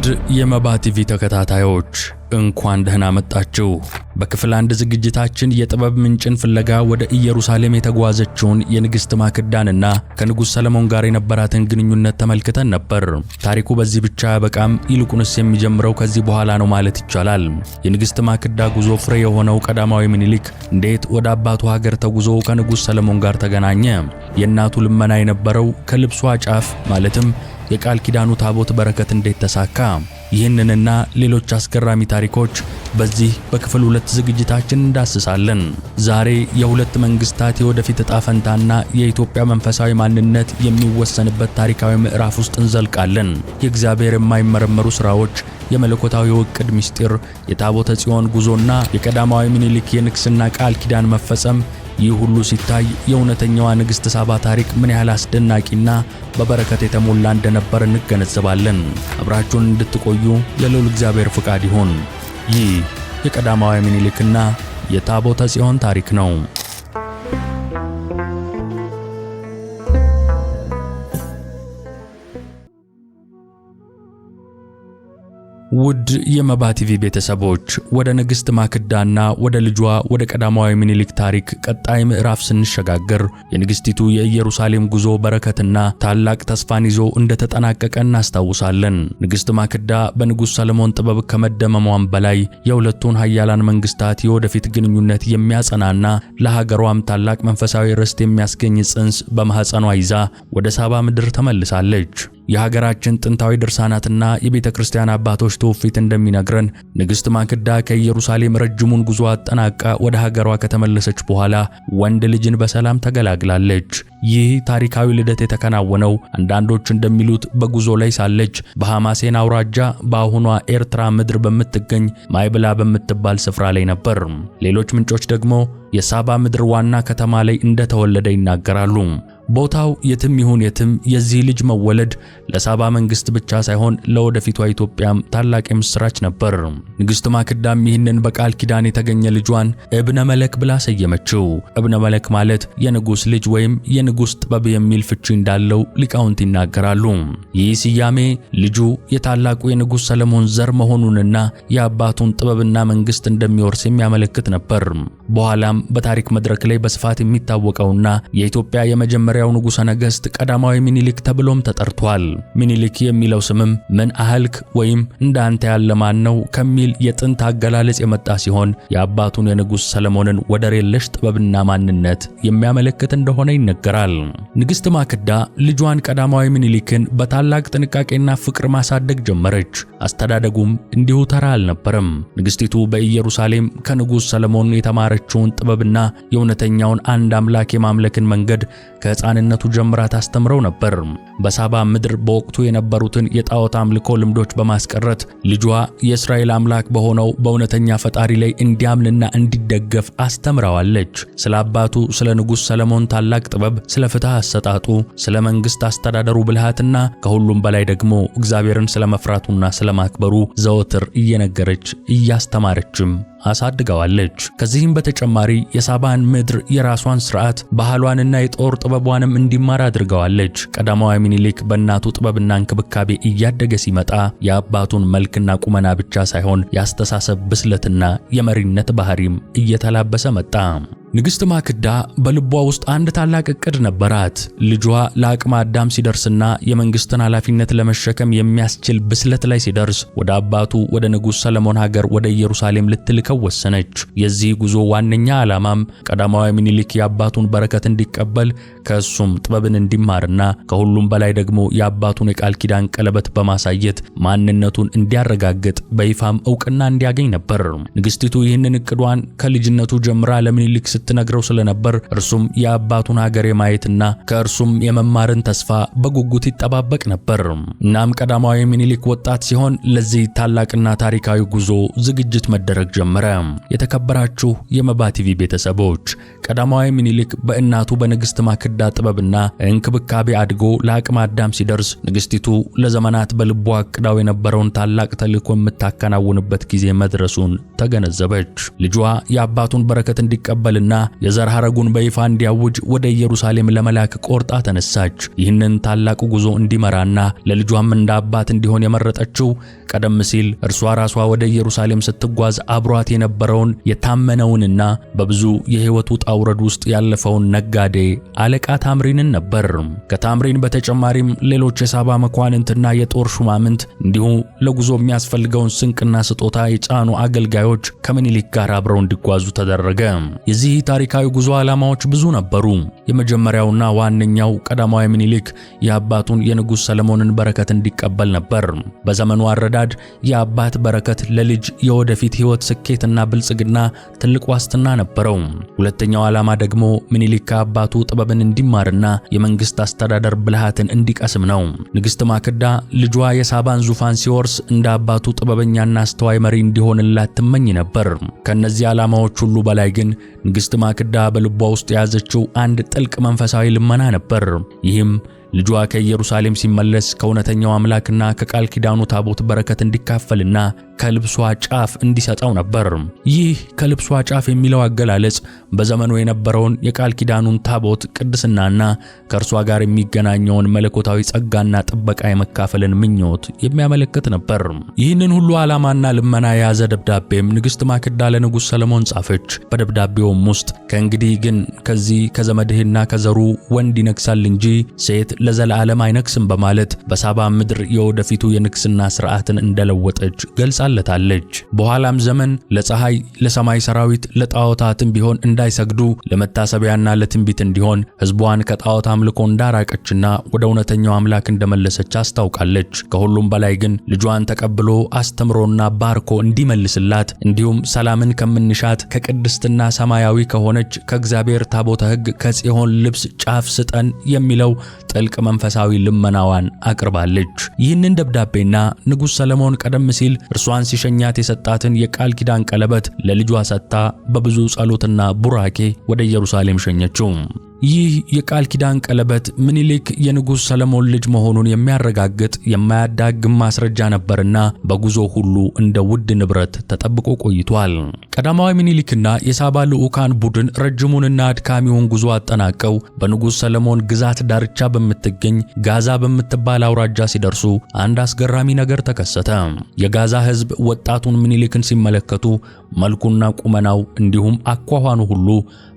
ውድ የመባ ቲቪ ተከታታዮች እንኳን ደህና መጣችሁ። በክፍል አንድ ዝግጅታችን የጥበብ ምንጭን ፍለጋ ወደ ኢየሩሳሌም የተጓዘችውን የንግሥት ማክዳንና ከንጉሥ ሰለሞን ጋር የነበራትን ግንኙነት ተመልክተን ነበር። ታሪኩ በዚህ ብቻ በቃም፣ ይልቁንስ የሚጀምረው ከዚህ በኋላ ነው ማለት ይቻላል። የንግሥት ማክዳ ጉዞ ፍሬ የሆነው ቀዳማዊ ምኒልክ እንዴት ወደ አባቱ ሀገር ተጉዞ ከንጉሥ ሰለሞን ጋር ተገናኘ? የእናቱ ልመና የነበረው ከልብሷ ጫፍ ማለትም የቃል ኪዳኑ ታቦት በረከት እንዴት ተሳካ? ይህንንና ሌሎች አስገራሚ ታሪኮች በዚህ በክፍል ሁለት ዝግጅታችን እንዳስሳለን። ዛሬ የሁለት መንግስታት የወደፊት እጣ ፈንታና የኢትዮጵያ መንፈሳዊ ማንነት የሚወሰንበት ታሪካዊ ምዕራፍ ውስጥ እንዘልቃለን። የእግዚአብሔር የማይመረመሩ ሥራዎች፣ የመለኮታዊ ዕቅድ ምስጢር፣ የታቦተ ጽዮን ጉዞና የቀዳማዊ ምኒልክ የንግሥና ቃል ኪዳን መፈጸም ይህ ሁሉ ሲታይ የእውነተኛዋ ንግሥት ሳባ ታሪክ ምን ያህል አስደናቂና በበረከት የተሞላ እንደነበር እንገነዘባለን። አብራችሁን እንድትቆዩ የልዑል እግዚአብሔር ፍቃድ ይሁን። ይህ የቀዳማዊ ምኒልክና የታቦተ ጽዮን ታሪክ ነው። ውድ የመባ ቲቪ ቤተሰቦች ወደ ንግሥት ማክዳና ወደ ልጇ ወደ ቀዳማዊ ምኒልክ ታሪክ ቀጣይ ምዕራፍ ስንሸጋገር የንግሥቲቱ የኢየሩሳሌም ጉዞ በረከትና ታላቅ ተስፋን ይዞ እንደተጠናቀቀ እናስታውሳለን። ንግሥት ማክዳ በንጉሥ ሰለሞን ጥበብ ከመደመሟም በላይ የሁለቱን ኃያላን መንግሥታት የወደፊት ግንኙነት የሚያጸናና ለሀገሯም ታላቅ መንፈሳዊ ርስት የሚያስገኝ ጽንስ በማኅፀኗ ይዛ ወደ ሳባ ምድር ተመልሳለች። የሀገራችን ጥንታዊ ድርሳናትና የቤተ ክርስቲያን አባቶች ትውፊት እንደሚነግረን ንግሥት ማክዳ ከኢየሩሳሌም ረጅሙን ጉዞ አጠናቃ ወደ ሀገሯ ከተመለሰች በኋላ ወንድ ልጅን በሰላም ተገላግላለች። ይህ ታሪካዊ ልደት የተከናወነው አንዳንዶች እንደሚሉት በጉዞ ላይ ሳለች በሐማሴን አውራጃ በአሁኗ ኤርትራ ምድር በምትገኝ ማይብላ በምትባል ስፍራ ላይ ነበር። ሌሎች ምንጮች ደግሞ የሳባ ምድር ዋና ከተማ ላይ እንደተወለደ ይናገራሉ። ቦታው የትም ይሁን የትም የዚህ ልጅ መወለድ ለሳባ መንግስት ብቻ ሳይሆን ለወደፊቷ ኢትዮጵያም ታላቅ የምስራች ነበር። ንግስት ማክዳም ይህንን በቃል ኪዳን የተገኘ ልጇን እብነ መለክ ብላ ሰየመችው። እብነ መለክ ማለት የንጉስ ልጅ ወይም የንጉስ ጥበብ የሚል ፍቺ እንዳለው ሊቃውንት ይናገራሉ። ይህ ስያሜ ልጁ የታላቁ የንጉስ ሰለሞን ዘር መሆኑንና የአባቱን ጥበብና መንግስት እንደሚወርስ የሚያመለክት ነበር። በኋላም በታሪክ መድረክ ላይ በስፋት የሚታወቀውና የኢትዮጵያ የመጀመሪያ የመጀመሪያው ንጉሠ ነገሥት ቀዳማዊ ሚኒሊክ ተብሎም ተጠርቷል። ሚኒሊክ የሚለው ስምም ምን አህልክ ወይም እንዳንተ ያለ ማን ነው ከሚል የጥንት አገላለጽ የመጣ ሲሆን የአባቱን የንጉሥ ሰለሞንን ወደር የለሽ ጥበብና ማንነት የሚያመለክት እንደሆነ ይነገራል። ንግሥት ማክዳ ልጇን ቀዳማዊ ሚኒሊክን በታላቅ ጥንቃቄና ፍቅር ማሳደግ ጀመረች። አስተዳደጉም እንዲሁ ተራ አልነበረም። ንግሥቲቱ በኢየሩሳሌም ከንጉሥ ሰለሞን የተማረችውን ጥበብና የእውነተኛውን አንድ አምላክ የማምለክን መንገድ ከሕፃ ከሕፃንነቱ ጀምራ ታስተምረው ነበር። በሳባ ምድር በወቅቱ የነበሩትን የጣዖት አምልኮ ልምዶች በማስቀረት ልጇ የእስራኤል አምላክ በሆነው በእውነተኛ ፈጣሪ ላይ እንዲያምንና እንዲደገፍ አስተምረዋለች። ስለ አባቱ ስለ ንጉሥ ሰለሞን ታላቅ ጥበብ፣ ስለ ፍትሕ አሰጣጡ፣ ስለ መንግሥት አስተዳደሩ ብልሃትና ከሁሉም በላይ ደግሞ እግዚአብሔርን ስለ መፍራቱና ስለ ማክበሩ ዘወትር እየነገረች እያስተማረችም አሳድገዋለች። ከዚህም በተጨማሪ የሳባን ምድር የራሷን ስርዓት ባህሏንና የጦር ጥበቧንም እንዲማር አድርገዋለች። ቀዳማዊ ሚኒሊክ በእናቱ ጥበብና እንክብካቤ እያደገ ሲመጣ የአባቱን መልክና ቁመና ብቻ ሳይሆን የአስተሳሰብ ብስለትና የመሪነት ባህሪም እየተላበሰ መጣ። ንግሥት ማክዳ በልቧ ውስጥ አንድ ታላቅ ዕቅድ ነበራት። ልጇ ለአቅመ አዳም ሲደርስና የመንግሥትን ኃላፊነት ለመሸከም የሚያስችል ብስለት ላይ ሲደርስ ወደ አባቱ ወደ ንጉሥ ሰለሞን ሀገር ወደ ኢየሩሳሌም ልትልከው ወሰነች። የዚህ ጉዞ ዋነኛ ዓላማም ቀዳማዊ ምኒልክ የአባቱን በረከት እንዲቀበል ከእሱም ጥበብን እንዲማርና ከሁሉም በላይ ደግሞ የአባቱን የቃል ኪዳን ቀለበት በማሳየት ማንነቱን እንዲያረጋግጥ በይፋም ዕውቅና እንዲያገኝ ነበር። ንግሥቲቱ ይህንን ዕቅዷን ከልጅነቱ ጀምራ ለምኒልክ ስትነግረው ስለነበር እርሱም የአባቱን ሀገር የማየትና ከእርሱም የመማርን ተስፋ በጉጉት ይጠባበቅ ነበር። እናም ቀዳማዊ ምኒልክ ወጣት ሲሆን ለዚህ ታላቅና ታሪካዊ ጉዞ ዝግጅት መደረግ ጀመረ። የተከበራችሁ የመባ ቲቪ ቤተሰቦች ቀዳማዊ ምኒልክ በእናቱ በንግሥት ማክዳ ጥበብና እንክብካቤ አድጎ ለአቅመ አዳም ሲደርስ ንግሥቲቱ ለዘመናት በልቦ አቅዳው የነበረውን ታላቅ ተልእኮ የምታከናውንበት ጊዜ መድረሱን ተገነዘበች። ልጇ የአባቱን በረከት እንዲቀበልና እንዲያውጅና የዘር ሐረጉን በይፋ እንዲያውጅ ወደ ኢየሩሳሌም ለመላክ ቆርጣ ተነሳች። ይህንን ታላቅ ጉዞ እንዲመራና ለልጇም እንደ አባት እንዲሆን የመረጠችው ቀደም ሲል እርሷ ራሷ ወደ ኢየሩሳሌም ስትጓዝ አብሯት የነበረውን የታመነውንና በብዙ የሕይወቱ ውጣ ውረድ ውስጥ ያለፈውን ነጋዴ አለቃ ታምሪንን ነበር። ከታምሪን በተጨማሪም ሌሎች የሳባ መኳንንትና የጦር ሹማምንት እንዲሁ ለጉዞ የሚያስፈልገውን ስንቅና ስጦታ የጫኑ አገልጋዮች ከምኒልክ ጋር አብረው እንዲጓዙ ተደረገ። የዚህ የዚህ ታሪካዊ ጉዞ ዓላማዎች ብዙ ነበሩ። የመጀመሪያውና ዋነኛው ቀዳማዊ ምኒልክ የአባቱን የንጉሥ ሰለሞንን በረከት እንዲቀበል ነበር። በዘመኑ አረዳድ የአባት በረከት ለልጅ የወደፊት ሕይወት ስኬትና ብልጽግና ትልቅ ዋስትና ነበረው። ሁለተኛው ዓላማ ደግሞ ምኒልክ ከአባቱ ጥበብን እንዲማርና የመንግሥት አስተዳደር ብልሃትን እንዲቀስም ነው። ንግሥት ማክዳ ልጇ የሳባን ዙፋን ሲወርስ እንደ አባቱ ጥበበኛና አስተዋይ መሪ እንዲሆንላት ትመኝ ነበር። ከእነዚህ ዓላማዎች ሁሉ በላይ ግን ንግሥት ቅድስት ማክዳ በልቧ ውስጥ የያዘችው አንድ ጥልቅ መንፈሳዊ ልመና ነበር። ይህም ልጇ ከኢየሩሳሌም ሲመለስ ከእውነተኛው አምላክና ከቃል ኪዳኑ ታቦት በረከት እንዲካፈልና ከልብሷ ጫፍ እንዲሰጠው ነበር። ይህ ከልብሷ ጫፍ የሚለው አገላለጽ በዘመኑ የነበረውን የቃል ኪዳኑን ታቦት ቅድስናና ከእርሷ ጋር የሚገናኘውን መለኮታዊ ጸጋና ጥበቃ የመካፈልን ምኞት የሚያመለክት ነበር። ይህንን ሁሉ ዓላማና ልመና የያዘ ደብዳቤም ንግሥት ማክዳ ለንጉሥ ሰለሞን ጻፈች። በደብዳቤውም ውስጥ ከእንግዲህ ግን ከዚህ ከዘመድህና ከዘሩ ወንድ ይነግሳል እንጂ ሴት ለዘላለም አይነግስም በማለት በሳባ ምድር የወደፊቱ የንግስና ስርዓትን እንደለወጠች ገልጻለታለች። በኋላም ዘመን ለፀሐይ፣ ለሰማይ ሰራዊት፣ ለጣዖታትም ቢሆን እንዳይሰግዱ ለመታሰቢያና ለትንቢት እንዲሆን ህዝቧን ከጣዖት አምልኮ እንዳራቀችና ወደ እውነተኛው አምላክ እንደመለሰች አስታውቃለች። ከሁሉም በላይ ግን ልጇን ተቀብሎ አስተምሮና ባርኮ እንዲመልስላት እንዲሁም ሰላምን ከምንሻት ከቅድስትና ሰማያዊ ከሆነች ከእግዚአብሔር ታቦተ ሕግ ከጽዮን ልብስ ጫፍ ስጠን የሚለው ጥልቅ መንፈሳዊ ልመናዋን አቅርባለች። ይህንን ደብዳቤና ንጉሥ ሰለሞን ቀደም ሲል እርሷን ሲሸኛት የሰጣትን የቃል ኪዳን ቀለበት ለልጇ ሰጥታ በብዙ ጸሎትና ቡራኬ ወደ ኢየሩሳሌም ሸኘችው። ይህ የቃል ኪዳን ቀለበት ምኒልክ የንጉሥ ሰለሞን ልጅ መሆኑን የሚያረጋግጥ የማያዳግም ማስረጃ ነበርና በጉዞ ሁሉ እንደ ውድ ንብረት ተጠብቆ ቆይቷል። ቀዳማዊ ምኒልክና የሳባ ልዑካን ቡድን ረጅሙንና አድካሚውን ጉዞ አጠናቀው በንጉሥ ሰለሞን ግዛት ዳርቻ በምትገኝ ጋዛ በምትባል አውራጃ ሲደርሱ አንድ አስገራሚ ነገር ተከሰተ። የጋዛ ሕዝብ ወጣቱን ምኒልክን ሲመለከቱ መልኩና ቁመናው እንዲሁም አኳኋኑ ሁሉ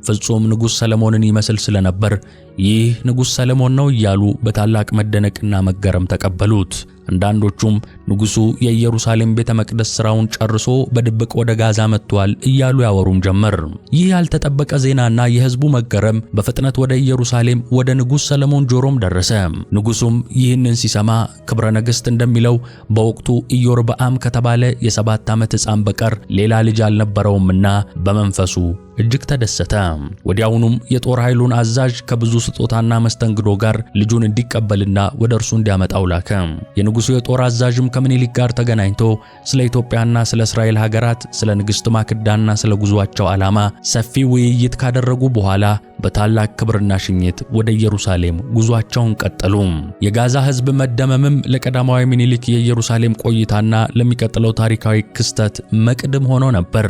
ፍጹም ንጉሥ ሰለሞንን ይመስል ስለነበር ይህ ንጉሥ ሰለሞን ነው እያሉ በታላቅ መደነቅና መገረም ተቀበሉት። አንዳንዶቹም ንጉሡ የኢየሩሳሌም ቤተ መቅደስ ሥራውን ጨርሶ በድብቅ ወደ ጋዛ መጥቷል እያሉ ያወሩም ጀመር። ይህ ያልተጠበቀ ዜናና የሕዝቡ መገረም በፍጥነት ወደ ኢየሩሳሌም ወደ ንጉሥ ሰለሞን ጆሮም ደረሰ። ንጉሡም ይህንን ሲሰማ ክብረ ነገሥት እንደሚለው በወቅቱ ኢዮርብዓም ከተባለ የሰባት ዓመት ሕፃን በቀር ሌላ ልጅ አልነበረውምና በመንፈሱ እጅግ ተደሰተ። ወዲያውኑም የጦር ኃይሉን አዛዥ ከብዙ ስጦታና መስተንግዶ ጋር ልጁን እንዲቀበልና ወደ እርሱ እንዲያመጣው ላከ። የንጉሡ የጦር አዛዥም ከምኒልክ ጋር ተገናኝቶ ስለ ኢትዮጵያና ስለ እስራኤል ሀገራት፣ ስለ ንግሥት ማክዳና ስለ ጉዟቸው ዓላማ ሰፊ ውይይት ካደረጉ በኋላ በታላቅ ክብርና ሽኝት ወደ ኢየሩሳሌም ጉዟቸውን ቀጠሉ። የጋዛ ሕዝብ መደመምም ለቀዳማዊ ምኒልክ የኢየሩሳሌም ቆይታና ለሚቀጥለው ታሪካዊ ክስተት መቅድም ሆኖ ነበር።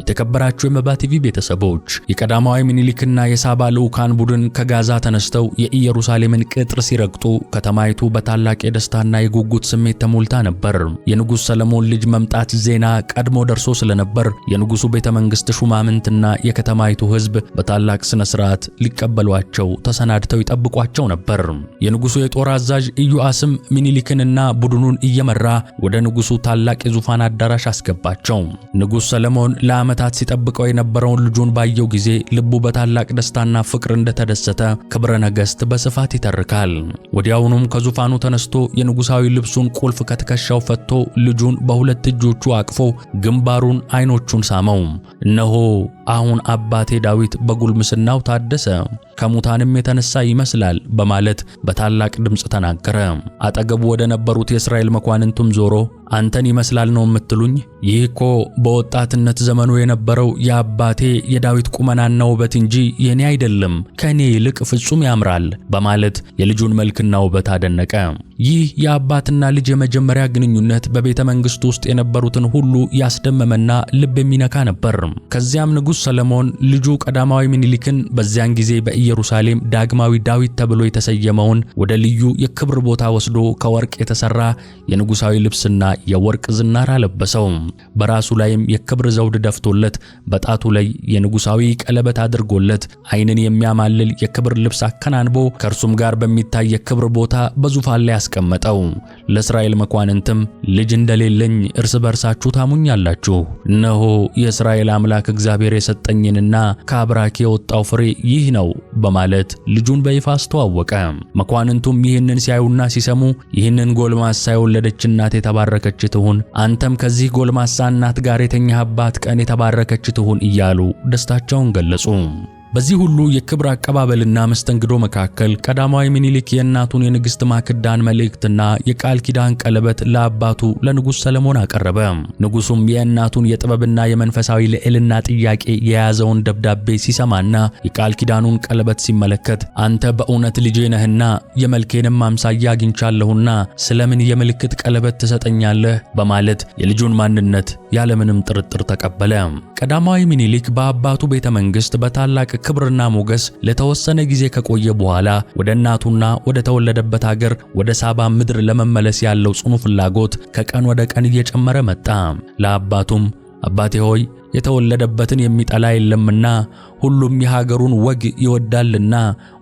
የተከበራቸው የመባ ቲቪ ቤተሰቦች የቀዳማዊ ምኒልክና የሳባ ልዑካን ቡድን ከጋዛ ተነስተው የኢየሩሳሌምን ቅጥር ሲረግጡ ከተማይቱ በታላቅ የደስታና የጉጉት ስሜት ተሞልታ ነበር። የንጉሥ ሰለሞን ልጅ መምጣት ዜና ቀድሞ ደርሶ ስለነበር የንጉሡ ቤተ መንግሥት ሹማምንትና የከተማይቱ ሕዝብ በታላቅ ሥነ ሥርዓት ሊቀበሏቸው ተሰናድተው ይጠብቋቸው ነበር። የንጉሡ የጦር አዛዥ ኢዮአስም ምኒልክንና ቡድኑን እየመራ ወደ ንጉሡ ታላቅ የዙፋን አዳራሽ አስገባቸው። ንጉሥ ሰለሞን ለ ዓመታት ሲጠብቀው የነበረውን ልጁን ባየው ጊዜ ልቡ በታላቅ ደስታና ፍቅር እንደተደሰተ ክብረ ነገሥት በስፋት ይተርካል። ወዲያውኑም ከዙፋኑ ተነስቶ የንጉሣዊ ልብሱን ቁልፍ ከትከሻው ፈትቶ ልጁን በሁለት እጆቹ አቅፎ ግንባሩን፣ ዓይኖቹን ሳመው። እነሆ አሁን አባቴ ዳዊት በጉልምስናው ታደሰ፣ ከሙታንም የተነሳ ይመስላል በማለት በታላቅ ድምፅ ተናገረ። አጠገቡ ወደ ነበሩት የእስራኤል መኳንንቱም ዞሮ አንተን ይመስላል ነው የምትሉኝ? ይህ እኮ በወጣትነት ዘመኑ የነበረው የአባቴ የዳዊት ቁመናና ውበት እንጂ የኔ አይደለም፣ ከኔ ይልቅ ፍጹም ያምራል በማለት የልጁን መልክና ውበት አደነቀ። ይህ የአባትና ልጅ የመጀመሪያ ግንኙነት በቤተ መንግሥት ውስጥ የነበሩትን ሁሉ ያስደመመና ልብ የሚነካ ነበር። ከዚያም ንጉሥ ሰለሞን ልጁ ቀዳማዊ ምኒልክን በዚያን ጊዜ በኢየሩሳሌም ዳግማዊ ዳዊት ተብሎ የተሰየመውን ወደ ልዩ የክብር ቦታ ወስዶ ከወርቅ የተሠራ የንጉሣዊ ልብስና የወርቅ ዝናር አለበሰው። በራሱ ላይም የክብር ዘውድ ደፍቶለት፣ በጣቱ ላይ የንጉሣዊ ቀለበት አድርጎለት፣ ዓይንን የሚያማልል የክብር ልብስ አከናንቦ ከእርሱም ጋር በሚታይ የክብር ቦታ በዙፋን ላይ አስቀመጠው። ለእስራኤል መኳንንትም ልጅ እንደሌለኝ እርስ በርሳችሁ ታሙኛላችሁ፣ እነሆ የእስራኤል አምላክ እግዚአብሔር የሰጠኝንና ከአብራክ የወጣው ፍሬ ይህ ነው በማለት ልጁን በይፋ አስተዋወቀ። መኳንንቱም ይህንን ሲያዩና ሲሰሙ ይህንን ጎልማሳ የወለደች እናት የተባረከች ትሁን፣ አንተም ከዚህ ጎልማሳ እናት ጋር የተኛህባት ቀን የተባረከች ትሁን እያሉ ደስታቸውን ገለጹ። በዚህ ሁሉ የክብር አቀባበልና መስተንግዶ መካከል ቀዳማዊ ምኒልክ የእናቱን የንግሥት ማክዳን መልእክትና የቃል ኪዳን ቀለበት ለአባቱ ለንጉሥ ሰለሞን አቀረበ። ንጉሡም የእናቱን የጥበብና የመንፈሳዊ ልዕልና ጥያቄ የያዘውን ደብዳቤ ሲሰማና የቃል ኪዳኑን ቀለበት ሲመለከት አንተ በእውነት ልጄ ነህና የመልኬንም አምሳያ አግኝቻለሁና ስለምን የምልክት ቀለበት ትሰጠኛለህ? በማለት የልጁን ማንነት ያለምንም ጥርጥር ተቀበለ። ቀዳማዊ ምኒልክ በአባቱ ቤተ መንግሥት በታላቅ ክብርና ሞገስ ለተወሰነ ጊዜ ከቆየ በኋላ ወደ እናቱና ወደ ተወለደበት አገር ወደ ሳባ ምድር ለመመለስ ያለው ጽኑ ፍላጎት ከቀን ወደ ቀን እየጨመረ መጣ። ለአባቱም አባቴ ሆይ የተወለደበትን የሚጠላ የለምና ሁሉም የሀገሩን ወግ ይወዳልና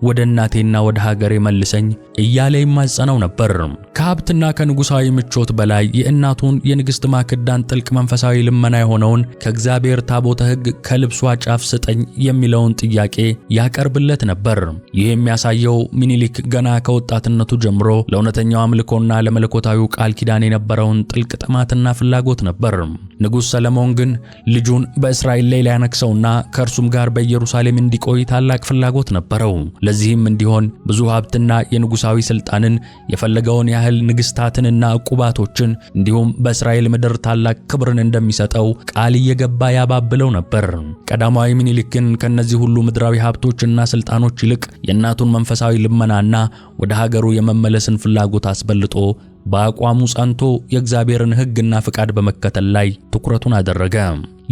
ወደ እናቴና ወደ ሀገሬ መልሰኝ እያለ ይማጸነው ነበር። ከሀብትና ከንጉሳዊ ምቾት በላይ የእናቱን የንግሥት ማክዳን ጥልቅ መንፈሳዊ ልመና የሆነውን ከእግዚአብሔር ታቦተ ሕግ ከልብሷ ጫፍ ስጠኝ የሚለውን ጥያቄ ያቀርብለት ነበር። ይህ የሚያሳየው ሚኒሊክ ገና ከወጣትነቱ ጀምሮ ለእውነተኛው አምልኮና ለመለኮታዊው ቃል ኪዳን የነበረውን ጥልቅ ጥማትና ፍላጎት ነበር። ንጉሥ ሰለሞን ግን ልጁን በእስራኤል ላይ ሊያነክሰውና ከእርሱም ጋር በ በኢየሩሳሌም እንዲቆይ ታላቅ ፍላጎት ነበረው። ለዚህም እንዲሆን ብዙ ሀብትና የንጉሳዊ ስልጣንን የፈለገውን ያህል ንግስታትንና ዕቁባቶችን እንዲሁም በእስራኤል ምድር ታላቅ ክብርን እንደሚሰጠው ቃል እየገባ ያባብለው ነበር። ቀዳማዊ ምኒልክ ግን ከእነዚህ ሁሉ ምድራዊ ሀብቶችና ስልጣኖች ይልቅ የእናቱን መንፈሳዊ ልመናና ወደ ሀገሩ የመመለስን ፍላጎት አስበልጦ በአቋሙ ጸንቶ የእግዚአብሔርን ሕግና ፍቃድ በመከተል ላይ ትኩረቱን አደረገ።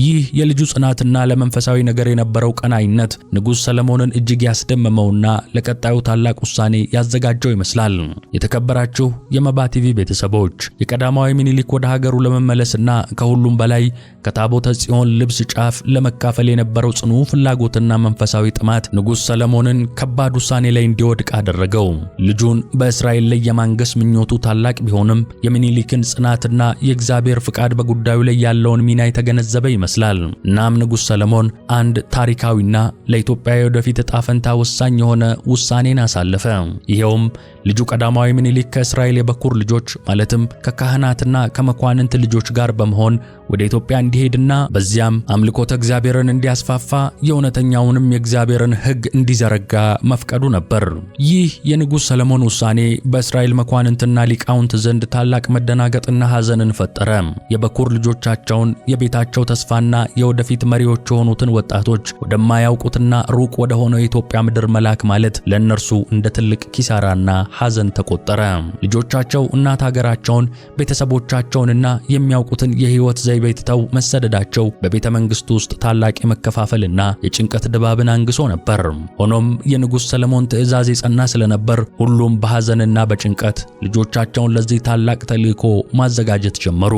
ይህ የልጁ ጽናትና ለመንፈሳዊ ነገር የነበረው ቀናይነት ንጉሥ ሰለሞንን እጅግ ያስደመመውና ለቀጣዩ ታላቅ ውሳኔ ያዘጋጀው ይመስላል። የተከበራችሁ የመባ ቲቪ ቤተሰቦች የቀዳማዊ ምኒልክ ወደ ሀገሩ ለመመለስና ከሁሉም በላይ ከታቦተ ጽዮን ልብስ ጫፍ ለመካፈል የነበረው ጽኑ ፍላጎትና መንፈሳዊ ጥማት ንጉሥ ሰለሞንን ከባድ ውሳኔ ላይ እንዲወድቅ አደረገው። ልጁን በእስራኤል ላይ የማንገስ ምኞቱ ታላቅ ቢሆንም የምኒልክን ጽናትና የእግዚአብሔር ፍቃድ በጉዳዩ ላይ ያለውን ሚና የተገነዘበ ይመስላል። እናም ንጉሥ ሰለሞን አንድ ታሪካዊና ለኢትዮጵያ የወደፊት ዕጣ ፈንታ ወሳኝ የሆነ ውሳኔን አሳለፈ። ይኸውም ልጁ ቀዳማዊ ምኒልክ ከእስራኤል የበኩር ልጆች ማለትም ከካህናትና ከመኳንንት ልጆች ጋር በመሆን ወደ ኢትዮጵያ እንዲሄድና በዚያም አምልኮተ እግዚአብሔርን እንዲያስፋፋ የእውነተኛውንም የእግዚአብሔርን ሕግ እንዲዘረጋ መፍቀዱ ነበር። ይህ የንጉሥ ሰለሞን ውሳኔ በእስራኤል መኳንንትና ሊቃውንት ዘንድ ታላቅ መደናገጥና ሐዘንን ፈጠረ። የበኩር ልጆቻቸውን የቤታቸው ተስፋ አንጋፋና የወደፊት መሪዎች የሆኑትን ወጣቶች ወደማያውቁትና ሩቅ ወደ ሆነው የኢትዮጵያ ምድር መላክ ማለት ለእነርሱ እንደ ትልቅ ኪሳራና ሐዘን ተቆጠረ። ልጆቻቸው እናት ሀገራቸውን፣ ቤተሰቦቻቸውንና የሚያውቁትን የህይወት ዘይቤ ትተው መሰደዳቸው በቤተ መንግስቱ ውስጥ ታላቅ የመከፋፈልና የጭንቀት ድባብን አንግሶ ነበር። ሆኖም የንጉሥ ሰለሞን ትእዛዝ የጸና ስለነበር ሁሉም በሐዘንና በጭንቀት ልጆቻቸውን ለዚህ ታላቅ ተልእኮ ማዘጋጀት ጀመሩ።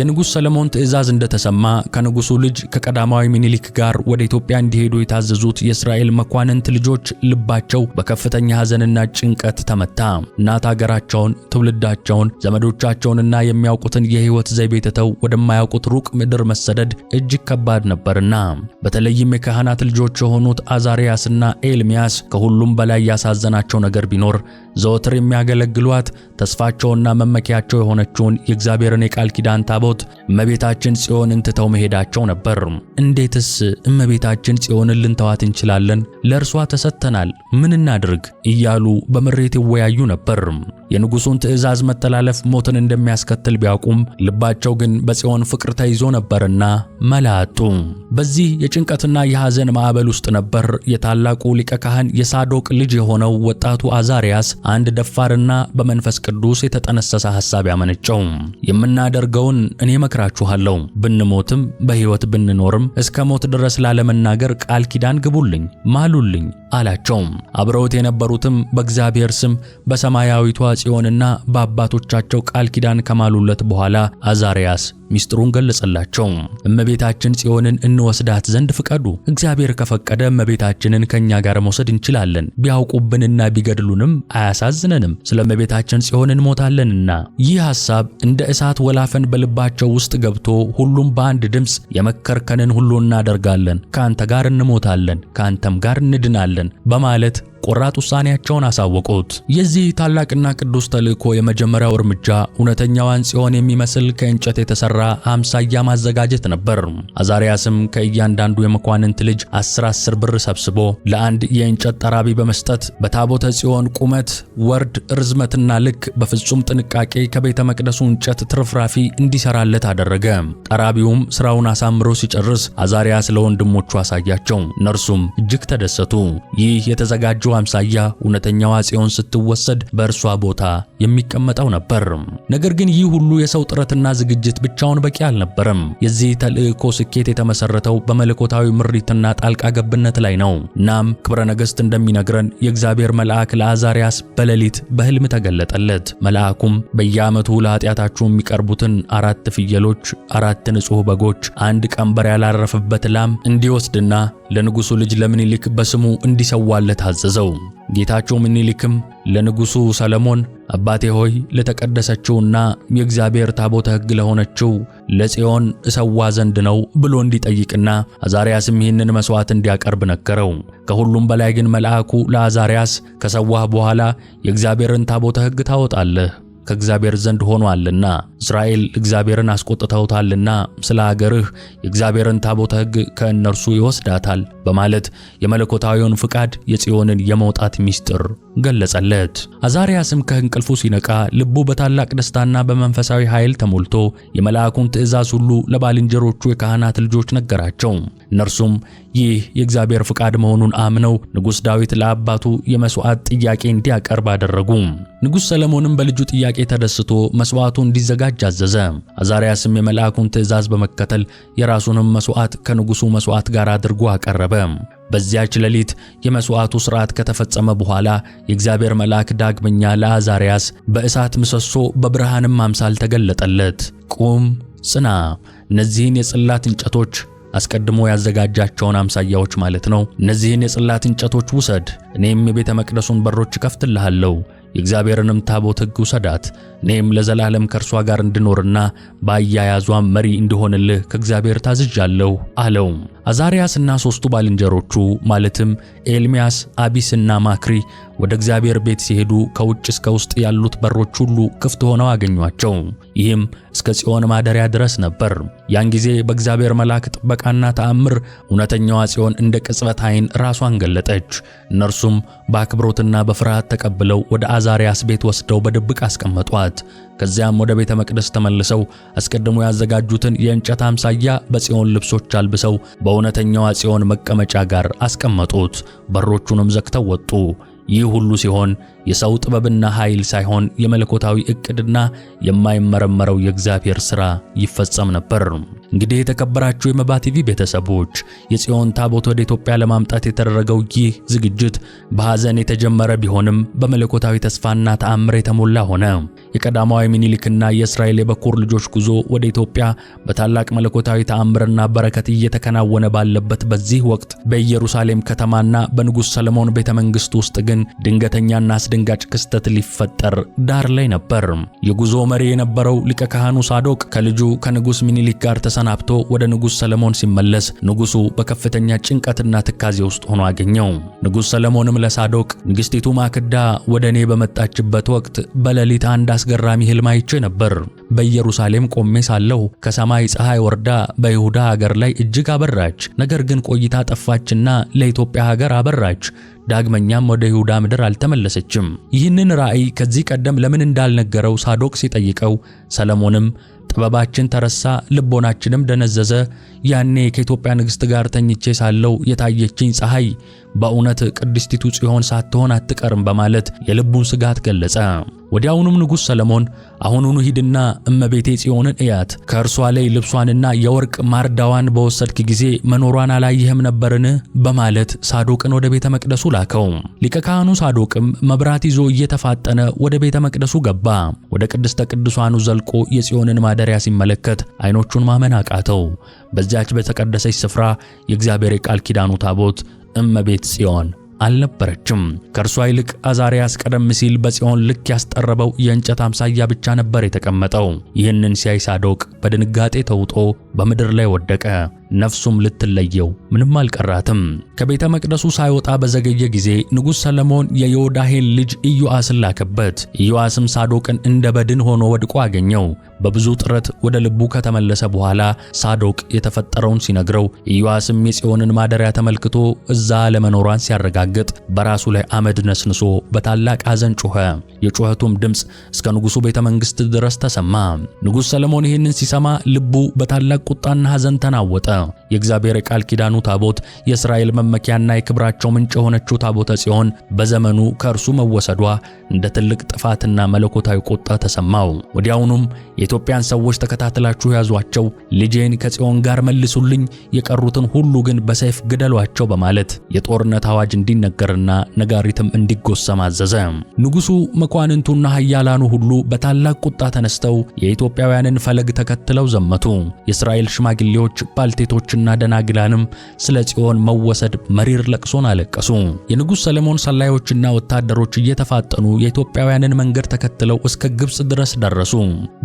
የንጉሥ ሰለሞን ትእዛዝ እንደተሰማ ከንጉ የንጉሱ ልጅ ከቀዳማዊ ሚኒሊክ ጋር ወደ ኢትዮጵያ እንዲሄዱ የታዘዙት የእስራኤል መኳንንት ልጆች ልባቸው በከፍተኛ ሐዘንና ጭንቀት ተመታ። እናት አገራቸውን፣ ትውልዳቸውን፣ ዘመዶቻቸውንና የሚያውቁትን የህይወት ዘይቤ ትተው ወደማያውቁት ሩቅ ምድር መሰደድ እጅግ ከባድ ነበርና በተለይም የካህናት ልጆች የሆኑት አዛሪያስና ኤልሚያስ ከሁሉም በላይ ያሳዘናቸው ነገር ቢኖር ዘወትር የሚያገለግሏት ተስፋቸውና መመኪያቸው የሆነችውን የእግዚአብሔርን የቃል ኪዳን ታቦት እመቤታችን ጽዮንን ትተው መሄዳቸው ይገባቸው ነበር። እንዴትስ እመቤታችን ጽዮንን ልንተዋት እንችላለን? ለእርሷ ተሰጥተናል፣ ምን እናድርግ? እያሉ በምሬት ይወያዩ ነበር። የንጉሱን ትእዛዝ መተላለፍ ሞትን እንደሚያስከትል ቢያውቁም ልባቸው ግን በጽዮን ፍቅር ተይዞ ነበርና መላጡ። በዚህ የጭንቀትና የሐዘን ማዕበል ውስጥ ነበር የታላቁ ሊቀ ካህን የሳዶቅ ልጅ የሆነው ወጣቱ አዛሪያስ አንድ ደፋርና በመንፈስ ቅዱስ የተጠነሰሰ ሐሳብ ያመነጨው። የምናደርገውን እኔ መክራችኋለሁ፣ ብንሞትም በሕይወት ብንኖርም እስከ ሞት ድረስ ላለመናገር ቃል ኪዳን ግቡልኝ፣ ማሉልኝ አላቸው። አብረውት የነበሩትም በእግዚአብሔር ስም በሰማያዊቷ ጽዮንና በአባቶቻቸው ቃል ኪዳን ከማሉለት በኋላ አዛርያስ ሚስጥሩን ገለጸላቸው። እመቤታችን ጽዮንን እንወስዳት ዘንድ ፍቀዱ፣ እግዚአብሔር ከፈቀደ እመቤታችንን ከኛ ጋር መውሰድ እንችላለን፣ ቢያውቁብንና ቢገድሉንም አያሳዝነንም፣ ስለ እመቤታችን ጽዮን እንሞታለንና። ይህ ሐሳብ እንደ እሳት ወላፈን በልባቸው ውስጥ ገብቶ ሁሉም በአንድ ድምፅ የመከርከንን ሁሉ እናደርጋለን፣ ከአንተ ጋር እንሞታለን፣ ከአንተም ጋር እንድናለን በማለት ቆራጥ ውሳኔያቸውን አሳወቁት። የዚህ ታላቅና ቅዱስ ተልእኮ የመጀመሪያው እርምጃ እውነተኛዋን ጽዮን የሚመስል ከእንጨት የተሰራ አምሳያ ማዘጋጀት ነበር። አዛሪያስም ከእያንዳንዱ የመኳንንት ልጅ አስር አስር ብር ሰብስቦ ለአንድ የእንጨት ጠራቢ በመስጠት በታቦተ ጽዮን ቁመት፣ ወርድ፣ ርዝመትና ልክ በፍጹም ጥንቃቄ ከቤተ መቅደሱ እንጨት ትርፍራፊ እንዲሰራለት አደረገ። ጠራቢውም ስራውን አሳምሮ ሲጨርስ አዛሪያስ ለወንድሞቹ አሳያቸው። እነርሱም እጅግ ተደሰቱ። ይህ የተዘጋጀው አምሳያ እውነተኛዋ ጽዮን ስትወሰድ በእርሷ ቦታ የሚቀመጠው ነበር። ነገር ግን ይህ ሁሉ የሰው ጥረትና ዝግጅት ብቻውን በቂ አልነበረም። የዚህ ተልእኮ ስኬት የተመሰረተው በመለኮታዊ ምሪትና ጣልቃ ገብነት ላይ ነው። እናም ክብረ ነገሥት እንደሚነግረን የእግዚአብሔር መልአክ ለአዛሪያስ በሌሊት በሕልም ተገለጠለት። መልአኩም በየዓመቱ ለኃጢአታችሁ የሚቀርቡትን አራት ፍየሎች፣ አራት ንጹሕ በጎች፣ አንድ ቀንበር ያላረፈበት ላም እንዲወስድና ለንጉሱ ልጅ ለምኒልክ በስሙ እንዲሰዋለት አዘዘው። ጌታቸው ምኒልክም ለንጉሱ ሰለሞን አባቴ ሆይ ለተቀደሰችውና የእግዚአብሔር ታቦተ ሕግ ለሆነችው ለጽዮን እሰዋ ዘንድ ነው ብሎ እንዲጠይቅና አዛርያስም ይህንን መሥዋዕት እንዲያቀርብ ነገረው። ከሁሉም በላይ ግን መልአኩ ለአዛርያስ ከሰዋህ በኋላ የእግዚአብሔርን ታቦተ ሕግ ታወጣለህ ከእግዚአብሔር ዘንድ ሆኗልና እስራኤል እግዚአብሔርን አስቆጥተውታልና ስለ አገርህ የእግዚአብሔርን ታቦተ ሕግ ከእነርሱ ይወስዳታል በማለት የመለኮታዊውን ፍቃድ የጽዮንን የመውጣት ምስጢር ገለጸለት። አዛርያስም ከእንቅልፉ ሲነቃ ልቡ በታላቅ ደስታና በመንፈሳዊ ኃይል ተሞልቶ የመልአኩን ትእዛዝ ሁሉ ለባልንጀሮቹ የካህናት ልጆች ነገራቸው። እነርሱም ይህ የእግዚአብሔር ፍቃድ መሆኑን አምነው ንጉሥ ዳዊት ለአባቱ የመሥዋዕት ጥያቄ እንዲያቀርብ አደረጉ። ንጉሥ ሰለሞንም በልጁ ጥያቄ ተደስቶ መሥዋዕቱ እንዲዘጋጅ አዘዘ። አዛርያስም የመልአኩን ትእዛዝ በመከተል የራሱንም መሥዋዕት ከንጉሡ መሥዋዕት ጋር አድርጎ አቀረበ። በዚያች ሌሊት የመሥዋዕቱ ሥርዓት ከተፈጸመ በኋላ የእግዚአብሔር መልአክ ዳግመኛ ለአዛርያስ በእሳት ምሰሶ በብርሃንም አምሳል ተገለጠለት። ቁም፣ ጽና፣ እነዚህን የጽላት እንጨቶች አስቀድሞ ያዘጋጃቸውን አምሳያዎች ማለት ነው። እነዚህን የጽላት እንጨቶች ውሰድ፣ እኔም የቤተ መቅደሱን በሮች እከፍትልሃለሁ። የእግዚአብሔርንም ታቦት ሕግ ውሰዳት፣ እኔም ለዘላለም ከእርሷ ጋር እንድኖርና በአያያዟም መሪ እንድሆንልህ ከእግዚአብሔር ታዝዣለሁ አለውም። አዛሪያስና ሦስቱ ባልንጀሮቹ ማለትም ኤልሚያስ፣ አቢስና ማክሪ ወደ እግዚአብሔር ቤት ሲሄዱ ከውጭ እስከ ውስጥ ያሉት በሮች ሁሉ ክፍት ሆነው አገኟቸው። ይህም እስከ ጽዮን ማደሪያ ድረስ ነበር። ያን ጊዜ በእግዚአብሔር መልአክ ጥበቃና ተአምር እውነተኛዋ ጽዮን እንደ ቅጽበት ዓይን ራሷን ገለጠች። እነርሱም በአክብሮትና በፍርሃት ተቀብለው ወደ አዛሪያስ ቤት ወስደው በድብቅ አስቀመጧት። ከዚያም ወደ ቤተ መቅደስ ተመልሰው አስቀድሞ ያዘጋጁትን የእንጨት አምሳያ በጽዮን ልብሶች አልብሰው በእውነተኛዋ ጽዮን መቀመጫ ጋር አስቀመጡት። በሮቹንም ዘግተው ወጡ። ይህ ሁሉ ሲሆን የሰው ጥበብና ኃይል ሳይሆን የመለኮታዊ ዕቅድና የማይመረመረው የእግዚአብሔር ሥራ ይፈጸም ነበር። እንግዲህ የተከበራችሁ የመባ ቲቪ ቤተሰቦች የጽዮን ታቦት ወደ ኢትዮጵያ ለማምጣት የተደረገው ይህ ዝግጅት በሐዘን የተጀመረ ቢሆንም በመለኮታዊ ተስፋና ተአምር የተሞላ ሆነ። የቀዳማዊ ሚኒሊክና የእስራኤል የበኩር ልጆች ጉዞ ወደ ኢትዮጵያ በታላቅ መለኮታዊ ተአምርና በረከት እየተከናወነ ባለበት በዚህ ወቅት በኢየሩሳሌም ከተማና በንጉሥ ሰለሞን ቤተ መንግሥት ውስጥ ግን ድንገተኛና አስደንጋጭ ክስተት ሊፈጠር ዳር ላይ ነበር። የጉዞ መሪ የነበረው ሊቀ ካህኑ ሳዶቅ ከልጁ ከንጉሥ ሚኒሊክ ጋር ተሰናብቶ ወደ ንጉሥ ሰለሞን ሲመለስ ንጉሡ በከፍተኛ ጭንቀትና ትካዜ ውስጥ ሆኖ አገኘው። ንጉሥ ሰለሞንም ለሳዶቅ ንግሥቲቱ ማክዳ ወደ እኔ በመጣችበት ወቅት በሌሊት አንድ አስገራሚ ሕልም አይቼ ነበር። በኢየሩሳሌም ቆሜ ሳለሁ ከሰማይ ፀሐይ ወርዳ በይሁዳ ሀገር ላይ እጅግ አበራች። ነገር ግን ቆይታ ጠፋችና ለኢትዮጵያ ሀገር አበራች። ዳግመኛም ወደ ይሁዳ ምድር አልተመለሰችም። ይህንን ራእይ ከዚህ ቀደም ለምን እንዳልነገረው ሳዶቅ ሲጠይቀው፣ ሰለሞንም ጥበባችን ተረሳ፣ ልቦናችንም ደነዘዘ፣ ያኔ ከኢትዮጵያ ንግሥት ጋር ተኝቼ ሳለው የታየችኝ ፀሐይ በእውነት ቅድስቲቱ ጽዮን ሳትሆን አትቀርም በማለት የልቡን ስጋት ገለጸ። ወዲያውኑም ንጉሥ ሰለሞን አሁኑኑ ሂድና እመቤቴ ጽዮንን እያት፣ ከእርሷ ላይ ልብሷንና የወርቅ ማርዳዋን በወሰድክ ጊዜ መኖሯን አላየህም ነበርን? በማለት ሳዶቅን ወደ ቤተ መቅደሱ ላከው። ሊቀ ካህኑ ሳዶቅም መብራት ይዞ እየተፋጠነ ወደ ቤተ መቅደሱ ገባ። ወደ ቅድስተ ቅዱሳኑ ዘልቆ የጽዮንን ማደሪያ ሲመለከት ዓይኖቹን ማመን አቃተው። በዚያች በተቀደሰች ስፍራ የእግዚአብሔር የቃል ኪዳኑ ታቦት እመቤት ጽዮን አልነበረችም። ከእርሷ ይልቅ አዛርያስ ቀደም ሲል በጽዮን ልክ ያስጠረበው የእንጨት አምሳያ ብቻ ነበር የተቀመጠው። ይህንን ሲያይ ሳዶቅ በድንጋጤ ተውጦ በምድር ላይ ወደቀ። ነፍሱም ልትለየው ምንም አልቀራትም። ከቤተ መቅደሱ ሳይወጣ በዘገየ ጊዜ ንጉሥ ሰለሞን የዮዳሄን ልጅ ኢዮአስን ላከበት። ኢዮአስም ሳዶቅን እንደ በድን ሆኖ ወድቆ አገኘው። በብዙ ጥረት ወደ ልቡ ከተመለሰ በኋላ ሳዶቅ የተፈጠረውን ሲነግረው፣ ኢዮአስም የጽዮንን ማደሪያ ተመልክቶ እዛ ለመኖሯን ሲያረጋግጥ በራሱ ላይ አመድ ነስንሶ በታላቅ ሐዘን ጮኸ። የጩኸቱም ድምፅ እስከ ንጉሡ ቤተ መንግሥት ድረስ ተሰማ። ንጉሥ ሰለሞን ይህንን ሲሰማ ልቡ በታላቅ ቁጣና ሐዘን ተናወጠ። 있잖아요 የእግዚአብሔር ቃል ኪዳኑ ታቦት የእስራኤል መመኪያና የክብራቸው ምንጭ የሆነችው ታቦተ ጽዮን በዘመኑ ከእርሱ መወሰዷ እንደ ትልቅ ጥፋትና መለኮታዊ ቁጣ ተሰማው። ወዲያውኑም የኢትዮጵያን ሰዎች ተከታትላችሁ ያዟቸው፣ ልጄን ከጽዮን ጋር መልሱልኝ፣ የቀሩትን ሁሉ ግን በሰይፍ ግደሏቸው በማለት የጦርነት አዋጅ እንዲነገርና ነጋሪትም እንዲጎሰም አዘዘ። ንጉሡ መኳንንቱና ኃያላኑ ሁሉ በታላቅ ቁጣ ተነስተው የኢትዮጵያውያንን ፈለግ ተከትለው ዘመቱ። የእስራኤል ሽማግሌዎች ባልቴቶችና ካህናትና ደናግላንም ስለ ጽዮን መወሰድ መሪር ለቅሶን አለቀሱ። የንጉሥ ሰለሞን ሰላዮችና ወታደሮች እየተፋጠኑ የኢትዮጵያውያንን መንገድ ተከትለው እስከ ግብጽ ድረስ ደረሱ።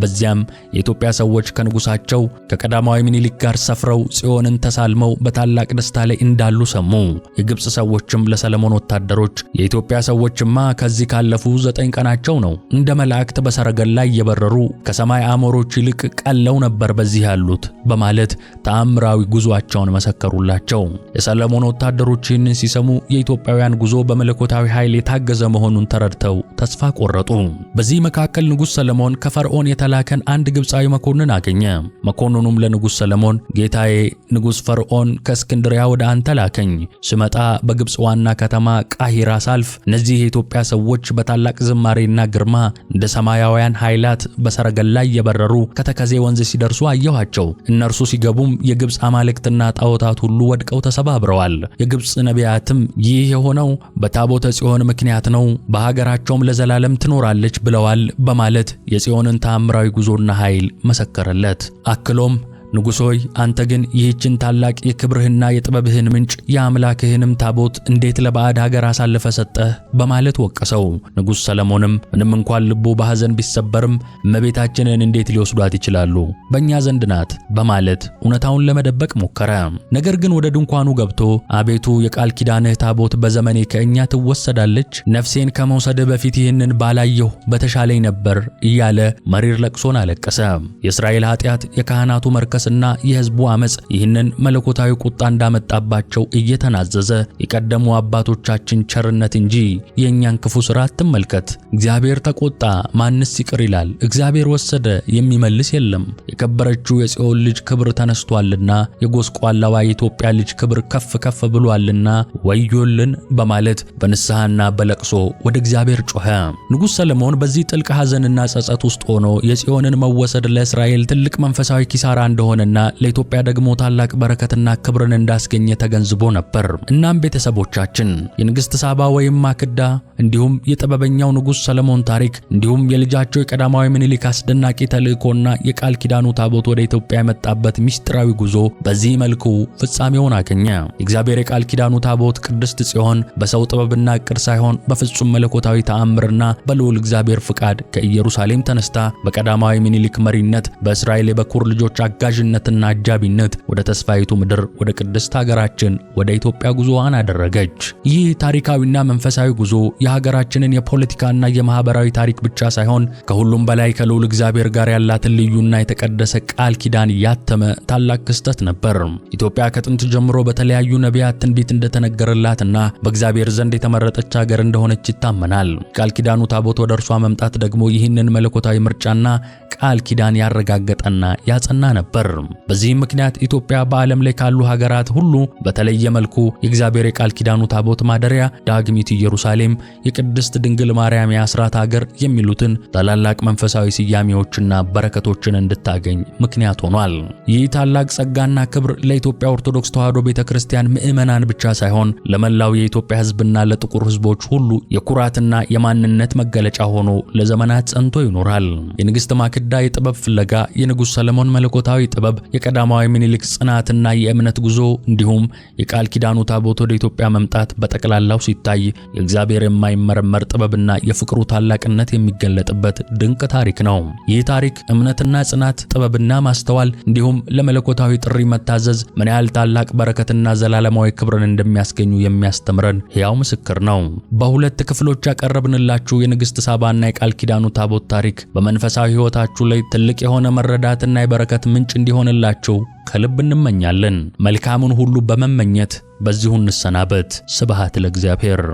በዚያም የኢትዮጵያ ሰዎች ከንጉሳቸው ከቀዳማዊ ምኒልክ ጋር ሰፍረው ጽዮንን ተሳልመው በታላቅ ደስታ ላይ እንዳሉ ሰሙ። የግብጽ ሰዎችም ለሰለሞን ወታደሮች የኢትዮጵያ ሰዎችማ ከዚህ ካለፉ ዘጠኝ ቀናቸው ነው፣ እንደ መላእክት በሰረገላ እየበረሩ ከሰማይ አሞሮች ይልቅ ቀለው ነበር በዚህ ያሉት በማለት ተአምራዊ ጉዞ ጉዞአቸውን መሰከሩላቸው። የሰለሞን ወታደሮች ይህንን ሲሰሙ የኢትዮጵያውያን ጉዞ በመለኮታዊ ኃይል የታገዘ መሆኑን ተረድተው ተስፋ ቆረጡ። በዚህ መካከል ንጉሥ ሰለሞን ከፈርዖን የተላከን አንድ ግብፃዊ መኮንን አገኘ። መኮንኑም ለንጉሥ ሰለሞን ጌታዬ ንጉሥ ፈርዖን ከእስክንድሪያ ወደ አንተ ላከኝ። ስመጣ በግብፅ ዋና ከተማ ቃሂራ ሳልፍ እነዚህ የኢትዮጵያ ሰዎች በታላቅ ዝማሬና ግርማ እንደ ሰማያውያን ኃይላት በሰረገላ እየበረሩ ከተከዜ ወንዝ ሲደርሱ አየኋቸው። እነርሱ ሲገቡም የግብፅ አማልክት አማልክትና ጣዖታት ሁሉ ወድቀው ተሰባብረዋል። የግብፅ ነቢያትም ይህ የሆነው በታቦተ ጽዮን ምክንያት ነው፣ በሀገራቸውም ለዘላለም ትኖራለች ብለዋል በማለት የጽዮንን ተአምራዊ ጉዞና ኃይል መሰከረለት። አክሎም ንጉሥ ሆይ አንተ ግን ይህችን ታላቅ የክብርህና የጥበብህን ምንጭ የአምላክህንም ታቦት እንዴት ለባዕድ ሀገር አሳልፈ ሰጠህ? በማለት ወቀሰው። ንጉሥ ሰለሞንም ምንም እንኳን ልቡ በሐዘን ቢሰበርም እመቤታችንን እንዴት ሊወስዷት ይችላሉ? በእኛ ዘንድ ናት በማለት እውነታውን ለመደበቅ ሞከረ። ነገር ግን ወደ ድንኳኑ ገብቶ አቤቱ የቃል ኪዳንህ ታቦት በዘመኔ ከእኛ ትወሰዳለች፣ ነፍሴን ከመውሰድ በፊት ይህንን ባላየሁ በተሻለኝ ነበር እያለ መሪር ለቅሶን አለቀሰ። የእስራኤል ኃጢአት የካህናቱ መርከስ መነሳስና የህዝቡ አመጽ ይህንን መለኮታዊ ቁጣ እንዳመጣባቸው እየተናዘዘ የቀደሙ አባቶቻችን ቸርነት እንጂ የእኛን ክፉ ሥራ አትመልከት። እግዚአብሔር ተቆጣ፣ ማንስ ይቅር ይላል? እግዚአብሔር ወሰደ፣ የሚመልስ የለም። የከበረችው የጽዮን ልጅ ክብር ተነስቷልና፣ የጎስቋላዋ የኢትዮጵያ ልጅ ክብር ከፍ ከፍ ብሏልና ወዮልን በማለት በንስሐና በለቅሶ ወደ እግዚአብሔር ጮኸ። ንጉሥ ሰለሞን በዚህ ጥልቅ ሐዘንና ጸጸት ውስጥ ሆኖ የጽዮንን መወሰድ ለእስራኤል ትልቅ መንፈሳዊ ኪሳራ እንደሆነ እንደሆነና ለኢትዮጵያ ደግሞ ታላቅ በረከትና ክብርን እንዳስገኘ ተገንዝቦ ነበር። እናም ቤተሰቦቻችን የንግሥት ሳባ ወይም ማክዳ እንዲሁም የጥበበኛው ንጉሥ ሰለሞን ታሪክ እንዲሁም የልጃቸው የቀዳማዊ ምኒልክ አስደናቂ ተልእኮና የቃል ኪዳኑ ታቦት ወደ ኢትዮጵያ የመጣበት ምስጢራዊ ጉዞ በዚህ መልኩ ፍጻሜውን አገኘ። የእግዚአብሔር የቃል ኪዳኑ ታቦት ቅድስት ጽዮን በሰው ጥበብና ዕቅድ ሳይሆን በፍጹም መለኮታዊ ተአምርና በልዑል እግዚአብሔር ፍቃድ ከኢየሩሳሌም ተነስታ በቀዳማዊ ምኒልክ መሪነት በእስራኤል የበኩር ልጆች አጋዥ አጋዥነትና አጃቢነት ወደ ተስፋይቱ ምድር ወደ ቅድስት ሀገራችን ወደ ኢትዮጵያ ጉዞዋን አደረገች። ይህ ታሪካዊና መንፈሳዊ ጉዞ የሀገራችንን የፖለቲካና የማህበራዊ ታሪክ ብቻ ሳይሆን ከሁሉም በላይ ከልዑል እግዚአብሔር ጋር ያላትን ልዩና የተቀደሰ ቃል ኪዳን ያተመ ታላቅ ክስተት ነበር። ኢትዮጵያ ከጥንት ጀምሮ በተለያዩ ነቢያት ትንቢት እንደተነገረላትና በእግዚአብሔር ዘንድ የተመረጠች ሀገር እንደሆነች ይታመናል። ቃል ኪዳኑ ታቦት ወደ እርሷ መምጣት ደግሞ ይህንን መለኮታዊ ምርጫና ቃል ኪዳን ያረጋገጠና ያጸና ነበር። አይቀርም። በዚህም ምክንያት ኢትዮጵያ በዓለም ላይ ካሉ ሀገራት ሁሉ በተለየ መልኩ የእግዚአብሔር የቃል ኪዳኑ ታቦት ማደሪያ ዳግሚት ኢየሩሳሌም፣ የቅድስት ድንግል ማርያም የአስራት ሀገር የሚሉትን ታላላቅ መንፈሳዊ ስያሜዎችና በረከቶችን እንድታገኝ ምክንያት ሆኗል። ይህ ታላቅ ጸጋና ክብር ለኢትዮጵያ ኦርቶዶክስ ተዋሕዶ ቤተ ክርስቲያን ምዕመናን ብቻ ሳይሆን ለመላው የኢትዮጵያ ሕዝብና ለጥቁር ሕዝቦች ሁሉ የኩራትና የማንነት መገለጫ ሆኖ ለዘመናት ጸንቶ ይኖራል። የንግሥት ማክዳ የጥበብ ፍለጋ፣ የንጉሥ ሰለሞን መለኮታዊ ጥበብ የቀዳማዊ ምኒልክ ጽናትና የእምነት ጉዞ እንዲሁም የቃል ኪዳኑ ታቦት ወደ ኢትዮጵያ መምጣት በጠቅላላው ሲታይ የእግዚአብሔር የማይመረመር ጥበብና የፍቅሩ ታላቅነት የሚገለጥበት ድንቅ ታሪክ ነው። ይህ ታሪክ እምነትና ጽናት፣ ጥበብና ማስተዋል እንዲሁም ለመለኮታዊ ጥሪ መታዘዝ ምን ያህል ታላቅ በረከትና ዘላለማዊ ክብርን እንደሚያስገኙ የሚያስተምረን ሕያው ምስክር ነው። በሁለት ክፍሎች ያቀረብንላችሁ የንግሥት ሳባና የቃል ኪዳኑ ታቦት ታሪክ በመንፈሳዊ ሕይወታችሁ ላይ ትልቅ የሆነ መረዳትና የበረከት ምንጭ እንዲሆንላችሁ ከልብ እንመኛለን። መልካሙን ሁሉ በመመኘት በዚሁ እንሰናበት። ስብሐት ለእግዚአብሔር።